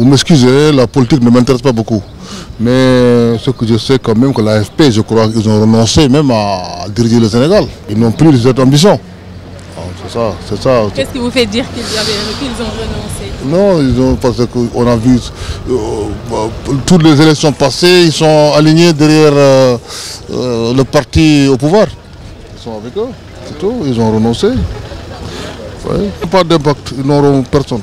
Vous m'excusez, la politique ne m'intéresse pas beaucoup. Mais ce que je sais quand même que l'AFP, je crois qu'ils ont renoncé même à diriger le Sénégal. Ils n'ont plus cette ambition. Ah, c'est ça, c'est ça. Qu'est-ce qui vous fait dire qu'ils ont renoncé Non, ils ont, parce qu'on a vu euh, bah, toutes les élections passées, ils sont alignés derrière euh, euh, le parti au pouvoir. Ils sont avec eux, c'est tout, ils ont renoncé. Pas d'impact, ils n'auront personne.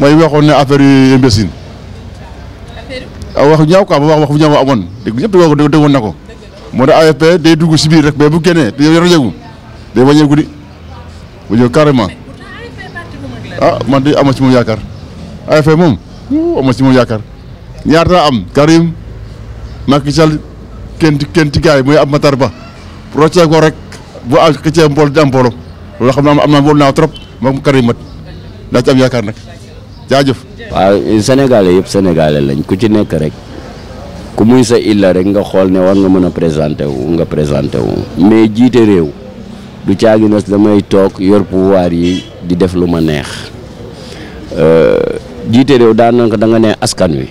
mooy waxoon ne affaire yu imbécile wax ñaw ka wax wax ñaw ñaaw deug ñep ñëpp dégg won nako ko AFP day dugg ci biir rek be bu gene yow yor day wañe di bu jo carrément ah man di ama ci moom yakar AFP mom ama ci yakar ñaar da am Karim Macky Sall kenn kenn gay moy am mooy ab Matar Ba rocce ko rek bu am xëccee mbool dambolo lo xamna am na bol na trop mom karimat da ci am yakar nak jaajëf. waaw sénégalais yëpp sénégalais lañ ku ci nekk rek ku muy sa illa rek nga xool ne war nga mën a présenté wu nga présenté wu mais jiite réew du caagi nas damay toog yor pouvoir yi di def lu ma neex euh, jiite réew daanaka da nga ne askan wi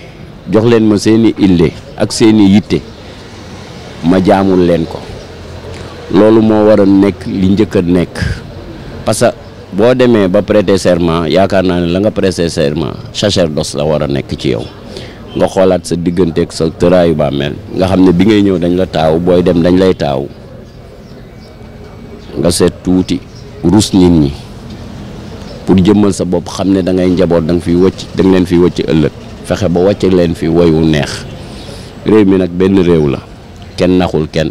jox leen ma seeni ille ak seeni yitte ma jaamul leen ko loolu moo war a nekk li njëkk a nekk parce boo demee ba prêter serment yaakaar naa ne la nga prêter serment sacerdoce la war a nekk ci yow nga xoolaat sa diggante ak sa tëraayu bàmmeel nga xam ne bi ngay ñëw dañ la taaw booy dem dañ lay taaw nga seet tuuti ruus nit ñi pour jëmmal sa bopp xam ne dangay njaboot danga nga fiy wëcc da leen fiy wëcc ëllëg fexe ba wàcce leen fi wu neex réew mi nag benn réew la kenn naxul kenn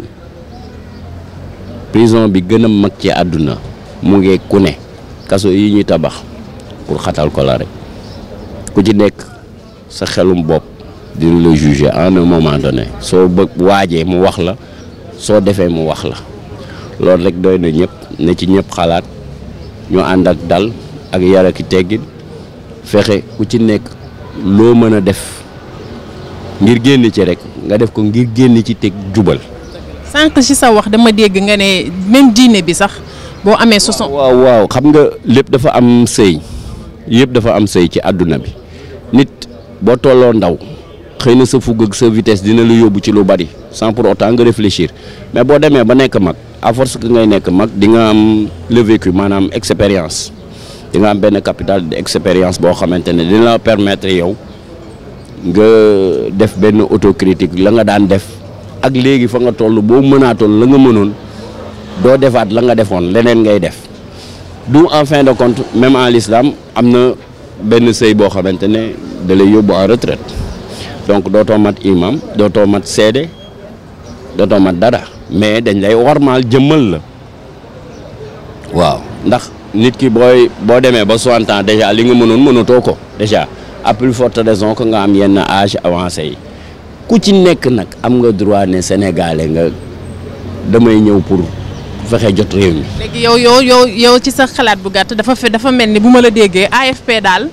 prison bi gën a mag ci àdduna mu ngi ku ne kasso yi ñuy tabax pour xatal ko la rek ku ci nek sa xelum bop di le juger en un moment donné so bëgg mu wax la so mu wax la lool rek doy ñëpp ne ci ñëpp xalaat ñu and ak dal ak yara ki teggin fexé ku ci nek lo def ngir génn ci rek nga def ko ngir génn ci teg jubal sank ci sa wax dama dégg nga ne même diiné bi sax boo amee soixante. waaw waaw xam nga lépp dafa am sëy yëpp dafa am sëy ci àdduna bi nit boo tolloo ndaw xëy na sa fugg ak sa vitesse dina lu yóbbu ci lu bari sans pour autant nga réfléchir mais boo demee ba nekk mag à force que ngay nekk mag di nga am le vécu maanaam expérience dina am benn capital de expérience boo xamante ne dina la permettre yow nga def benn autocritique la nga daan def ak léegi fa nga toll boo mënaatoon la nga mënoon. doo defaat la nga defoon leneen ngay def du en fin de compte même en l'islam am na benn sëy boo xamante ne da lay yóbbu en retraite donc dootoo mat imam dootoo mat seede dootoo mat dara mais dañ lay warmaal jëmmal la waaw ndax nit ki booy boo demee ba soixante ans déjà li nga mënoon mënatoo ko déjà à plus forte raison que nga am yenn âge avancé yi ku ci nekk nag am nga droit ne sénégalais nga damay ñëw pour fexé jot réew mi. légui yow yow yow yow ci sa xalaat bu gatt dafa fe dafa melni buma la déggé AFP dal,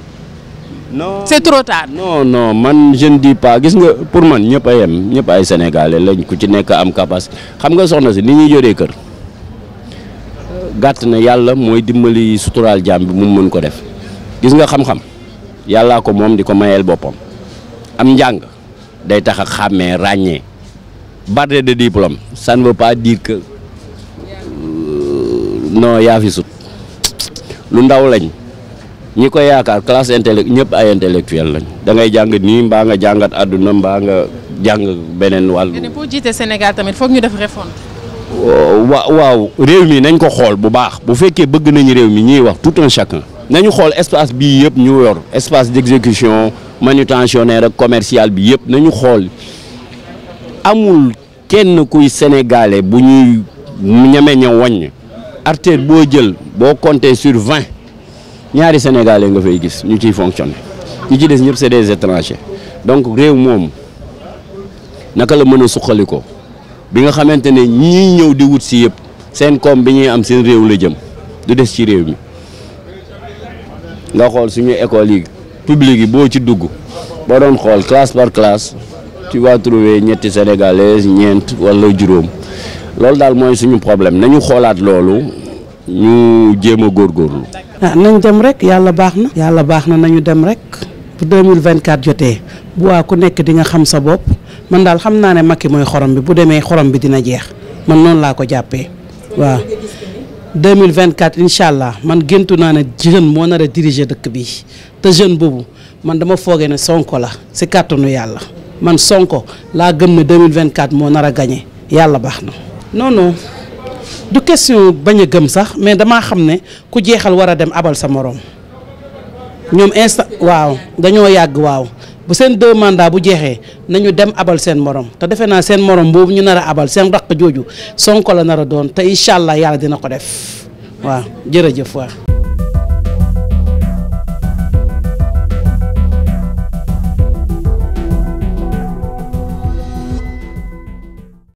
non c'est trop tard. non non man je ne dis pas gis nga pour man ñep ay am ñep ay sénégalais lañ ku ci nekk am kapas, xam nga soxna ci ni ñi jodé kër gatt na yalla moy dimbali sutural jamm bi mu mën ko def gis nga xam-xam yalla ko mom di mayel bopam am jang, day tax a xàmmee ràññee barre de diplôme ça ne veut pas dire que. non yaa fi lu ndaw lañ ñi ko yaakaar classe intellect Nous ay intellectuel lañ da ngay nga nga Sénégal tamit ñu def mi nañ ko bu baax bu bëgg nañ mi tout un chacun nañu xol espace bi ñu yor espace d'exécution manutentionnaire commercial bi nañu amul kenn kuy sénégalais bu artère boo jël boo compter sur vingt ñaari sénégalais nga fay gis ñu ciy fonctionner ñu ci des ñëpp c'est des étrangers donc réew moom naka la mën a suqali ko bi nga xamante ne ñii ñëw di wut si yëpp seen koom bi ñuy am seen réew la jëm du des ci réew mi nga xool ñuy école yi publique yi boo ci dugg boo doon xool classe par classe tu vas trouver ñetti sénégalais ñeent walla juróom. loolu daal mooy suñu problème nañu xoolaat loolu ñu jéem a góorgóorlu. ah nañ dem rek yàlla baax na. yàlla baax na nañu dem rek. bu 2024 jotee waa ku nekk di nga xam sa bopp man daal xam naa ne Macky mooy xorom bi bu demee xorom bi dina jeex man noonu laa ko jàppee waaw. 2024 incha allah man géntu naa ne jeune moo nar a diriger dëkk bi te jeune boobu man dama foogee ne Sonko la si kàttanu yàlla man Sonko laa gëm ne 2024 moo nar a gañe yàlla baax na. non du question bañ a gëm sax mais damaa xam ne ku jeexal war a dem abal sa moroom ñoom instant waaw dañoo yàgg waaw bu seen deux mandats bu jeexee nañu dem abal seen morom te defe naa seen morom mboobu ñu nar a abal seen rakk jooju Sonko la nar a doon te incha allah yàlla dina ko def waaw jërëjëf waaw.